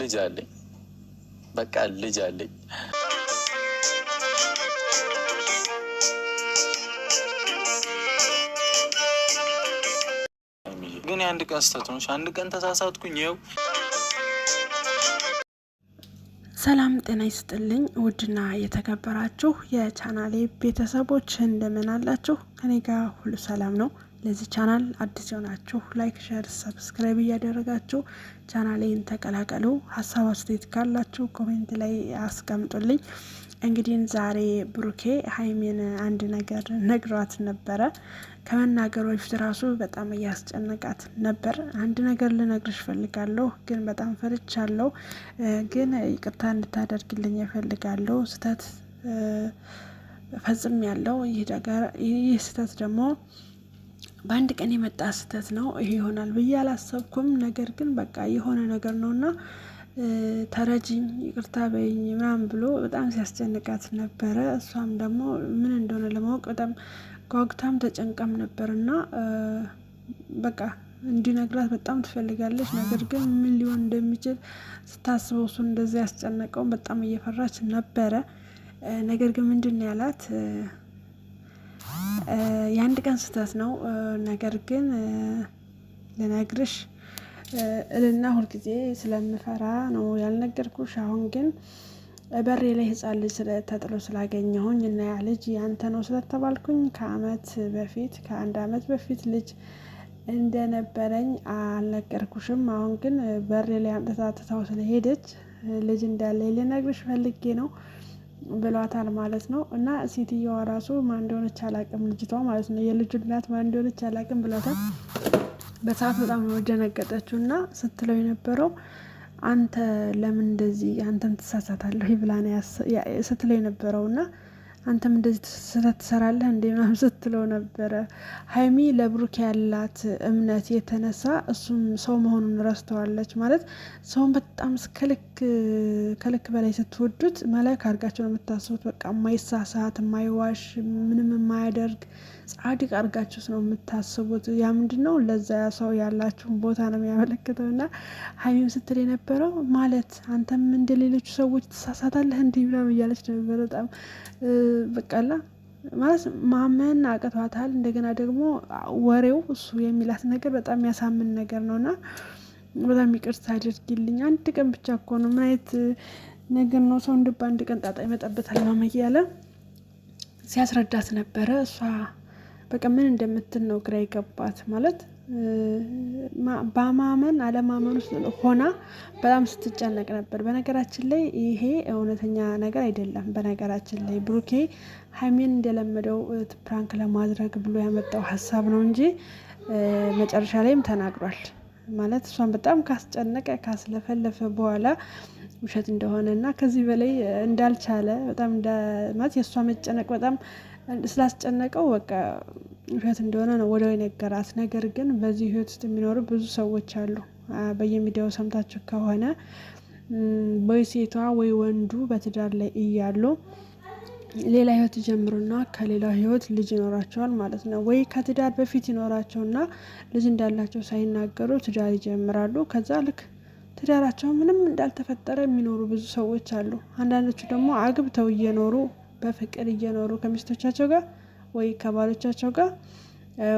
ልጅ አለኝ። በቃ ልጅ አለኝ። ግን የአንድ ቀን ስህተት ነች። አንድ ቀን ተሳሳትኩኝ ይኸው ሰላም ጤና ይስጥልኝ። ውድና የተከበራችሁ የቻናሌ ቤተሰቦች እንደምን አላችሁ? ከኔ ጋር ሁሉ ሰላም ነው። ለዚህ ቻናል አዲስ የሆናችሁ ላይክ፣ ሸር፣ ሰብስክራይብ እያደረጋችሁ ቻናሌን ተቀላቀሉ። ሀሳብ አስተያየት ካላችሁ ኮሜንት ላይ አስቀምጡልኝ። እንግዲህ ዛሬ ብሩኬ ሀይሜን አንድ ነገር ነግሯት ነበረ። ከመናገሩ በፊት ራሱ በጣም እያስጨነቃት ነበር። አንድ ነገር ልነግርሽ ፈልጋለሁ፣ ግን በጣም ፈርቻለሁ፣ ግን ይቅርታ እንድታደርግልኝ እፈልጋለሁ። ስህተት ፈጽም ያለው ይህ ስህተት ደግሞ በአንድ ቀን የመጣ ስህተት ነው ይሄ ይሆናል ብዬ አላሰብኩም። ነገር ግን በቃ የሆነ ነገር ነው እና ተረጅኝ ይቅርታ በይኝ ምናምን ብሎ በጣም ሲያስጨንቃት ነበረ። እሷም ደግሞ ምን እንደሆነ ለማወቅ በጣም ጓጉታም ተጨንቃም ነበር እና በቃ እንዲነግራት በጣም ትፈልጋለች። ነገር ግን ምን ሊሆን እንደሚችል ስታስበው እሱን እንደዚያ ያስጨነቀውን በጣም እየፈራች ነበረ። ነገር ግን ምንድን ነው ያላት የአንድ ቀን ስህተት ነው። ነገር ግን ልነግርሽ እልና ሁልጊዜ ስለምፈራ ነው ያልነገርኩሽ። አሁን ግን በሬ ላይ ህፃን ልጅ ተጥሎ ስላገኘሁኝ እና ያ ልጅ ያንተ ነው ስለተባልኩኝ ከአመት በፊት ከአንድ አመት በፊት ልጅ እንደነበረኝ አልነገርኩሽም። አሁን ግን በሬ ላይ አምጥታ ትታው ስለሄደች ልጅ እንዳለ ልነግርሽ ፈልጌ ነው። ብሏታል ማለት ነው። እና ሴትየዋ ራሱ ማን እንደሆነች አላቅም፣ ልጅቷ ማለት ነው የልጁ እናት ማን እንደሆነች አላቅም ብሏታል። በሰዓት በጣም ነው ደነገጠችው እና ስትለው የነበረው አንተ ለምን እንደዚህ አንተን ትሳሳታለሁ ብላ ስትለው የነበረው እና አንተም እንደዚህ ስህተት ትሰራለህ እንዴ ምናምን ስትለው ነበረ። ሀይሚ ለብሩክ ያላት እምነት የተነሳ እሱም ሰው መሆኑን ረስተዋለች። ማለት ሰውን በጣም ከልክ በላይ ስትወዱት መላክ አድርጋቸው ነው የምታስቡት። በቃ የማይሳሳት የማይዋሽ ምንም የማያደርግ ጻድቅ አድርጋችሁት ነው የምታስቡት። ያ ምንድን ነው ለዛ ሰው ያላችሁን ቦታ ነው የሚያመለክተው። እና ሀይሚም ስትል የነበረው ማለት አንተም እንደሌሎቹ ሰዎች ትሳሳታለህ እንዲህ ምናምን እያለች ነበር በጣም በቃላ ማለት ማመን አቅቷታል። እንደገና ደግሞ ወሬው እሱ የሚላት ነገር በጣም የሚያሳምን ነገር ነው እና በጣም ይቅርታ አድርጊልኝ። አንድ ቀን ብቻ እኮ ነው። ምን አይነት ነገር ነው? ሰው እንድባ አንድ ቀን ጣጣ ይመጣበታል ምናምን እያለ ሲያስረዳት ነበረ። እሷ በቃ ምን እንደምትል ነው ግራ ይገባት ማለት በማመን አለማመን ሆና በጣም ስትጨነቅ ነበር። በነገራችን ላይ ይሄ እውነተኛ ነገር አይደለም። በነገራችን ላይ ብሩኬ ሀይሜን እንደለመደው ፕራንክ ለማድረግ ብሎ ያመጣው ሀሳብ ነው እንጂ መጨረሻ ላይም ተናግሯል። ማለት እሷን በጣም ካስጨነቀ ካስለፈለፈ በኋላ ውሸት እንደሆነ እና ከዚህ በላይ እንዳልቻለ በጣም ማለት የእሷ መጨነቅ በጣም ስላስጨነቀው በቃ ውሸት እንደሆነ ነው ወዲያው የነገራት። ነገር ግን በዚህ ህይወት ውስጥ የሚኖሩ ብዙ ሰዎች አሉ። በየሚዲያው ሰምታችሁ ከሆነ ወይ ሴቷ ወይ ወንዱ በትዳር ላይ እያሉ ሌላ ህይወት ይጀምሩና ከሌላ ህይወት ልጅ ይኖራቸዋል ማለት ነው። ወይ ከትዳር በፊት ይኖራቸውና ልጅ እንዳላቸው ሳይናገሩ ትዳር ይጀምራሉ። ከዛ ልክ ትዳራቸው ምንም እንዳልተፈጠረ የሚኖሩ ብዙ ሰዎች አሉ። አንዳንዶቹ ደግሞ አግብተው እየኖሩ በፍቅር እየኖሩ ከሚስቶቻቸው ጋር ወይ ከባሎቻቸው ጋር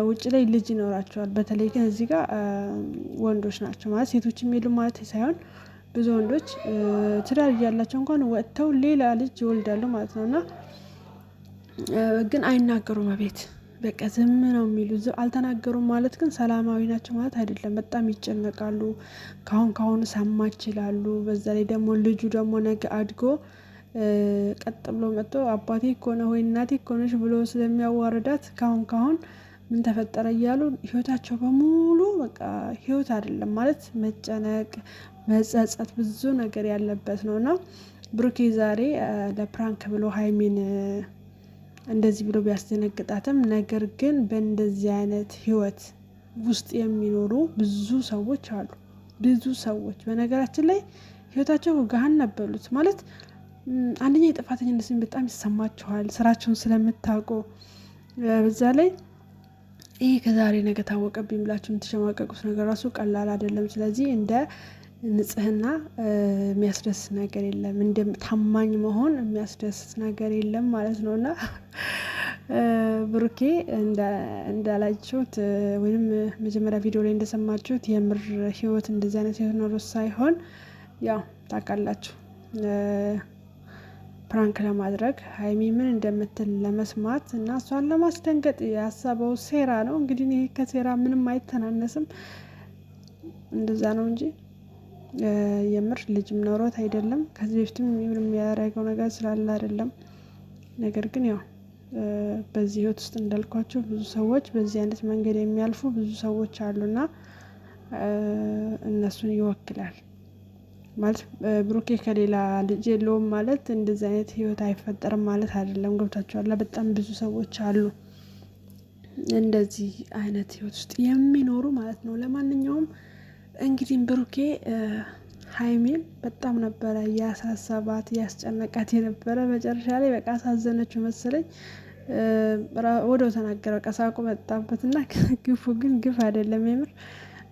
ውጭ ላይ ልጅ ይኖራቸዋል። በተለይ ግን እዚህ ጋር ወንዶች ናቸው ማለት ሴቶች የሉም ማለት ሳይሆን ብዙ ወንዶች ትዳር እያላቸው እንኳን ወጥተው ሌላ ልጅ ይወልዳሉ ማለት ነው። እና ግን አይናገሩም ቤት በቃ ዝም ነው የሚሉ አልተናገሩም ማለት ግን ሰላማዊ ናቸው ማለት አይደለም። በጣም ይጨነቃሉ። ካሁን ካሁኑ ሰማ ይችላሉ በዛ ላይ ደግሞ ልጁ ደግሞ ነገ አድጎ ቀጥ ብሎ መጥቶ አባቴ እኮ ወይ እናቴ እኮ ነሽ ብሎ ስለሚያዋርዳት ካሁን ካሁን ምን ተፈጠረ እያሉ ህይወታቸው በሙሉ በቃ ህይወት አይደለም ማለት መጨነቅ፣ መጸጸት ብዙ ነገር ያለበት ነው እና ብሩኬ ዛሬ ለፕራንክ ብሎ ሀይሚን እንደዚህ ብሎ ቢያስደነግጣትም ነገር ግን በእንደዚህ አይነት ህይወት ውስጥ የሚኖሩ ብዙ ሰዎች አሉ። ብዙ ሰዎች በነገራችን ላይ ህይወታቸው ገሃነም ነበሉት ማለት አንደኛ የጥፋተኝነት ስሜት በጣም ይሰማችኋል፣ ስራቸውን ስለምታውቁ። በዛ ላይ ይህ ከዛሬ ነገ ታወቀብኝ ብላችሁ የምትሸማቀቁት ነገር ራሱ ቀላል አይደለም። ስለዚህ እንደ ንጽህና የሚያስደስት ነገር የለም፣ እንደ ታማኝ መሆን የሚያስደስት ነገር የለም ማለት ነው እና ብሩኬ እንዳላችሁት ወይም መጀመሪያ ቪዲዮ ላይ እንደሰማችሁት የምር ህይወት እንደዚህ አይነት ህይወት ኖሮ ሳይሆን ያው ታውቃላችሁ ፕራንክ ለማድረግ ሀይሚ ምን እንደምትል ለመስማት እና እሷን ለማስደንገጥ ያሰበው ሴራ ነው። እንግዲህ ይሄ ከሴራ ምንም አይተናነስም። እንደዛ ነው እንጂ የምር ልጅም ኖሮት አይደለም። ከዚህ በፊትም የሚያደርገው ነገር ስላለ አይደለም። ነገር ግን ያው በዚህ ህይወት ውስጥ እንዳልኳቸው ብዙ ሰዎች በዚህ አይነት መንገድ የሚያልፉ ብዙ ሰዎች አሉና እነሱን ይወክላል። ማለት ብሩኬ ከሌላ ልጅ የለውም ማለት እንደዚህ አይነት ህይወት አይፈጠርም ማለት አይደለም። ገብታችኋል? በጣም ብዙ ሰዎች አሉ እንደዚህ አይነት ህይወት ውስጥ የሚኖሩ ማለት ነው። ለማንኛውም እንግዲህ ብሩኬ ሀይሜን በጣም ነበረ ያሳሰባት ያስጨነቃት የነበረ መጨረሻ ላይ በቃ አሳዘነችው መሰለኝ። ወደው ተናገረ። በቃ ሳቁ እና ግፉ ግን ግፍ አይደለም የምር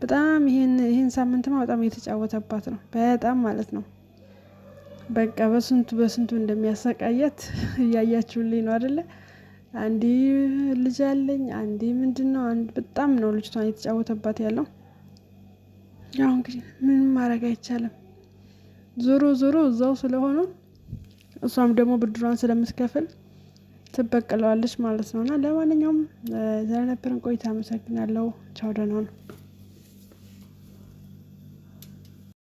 በጣም ይሄን ይሄን ሳምንትማ በጣም የተጫወተባት ነው። በጣም ማለት ነው። በቃ በስንቱ በስንቱ እንደሚያሰቃያት እያያችሁልኝ ነው አደለ? አንዲ ልጅ አለኝ አንዲ ምንድን ነው በጣም ነው ልጅቷን የተጫወተባት ያለው። ያው እንግዲህ ምንም ማድረግ አይቻልም። ዞሮ ዞሮ እዛው ስለሆኑ እሷም ደግሞ ብድሯን ስለምትከፍል ትበቅለዋለች ማለት ነው። እና ለማንኛውም ስለነበረን ቆይታ አመሰግናለሁ። ቻው ደህና ነው።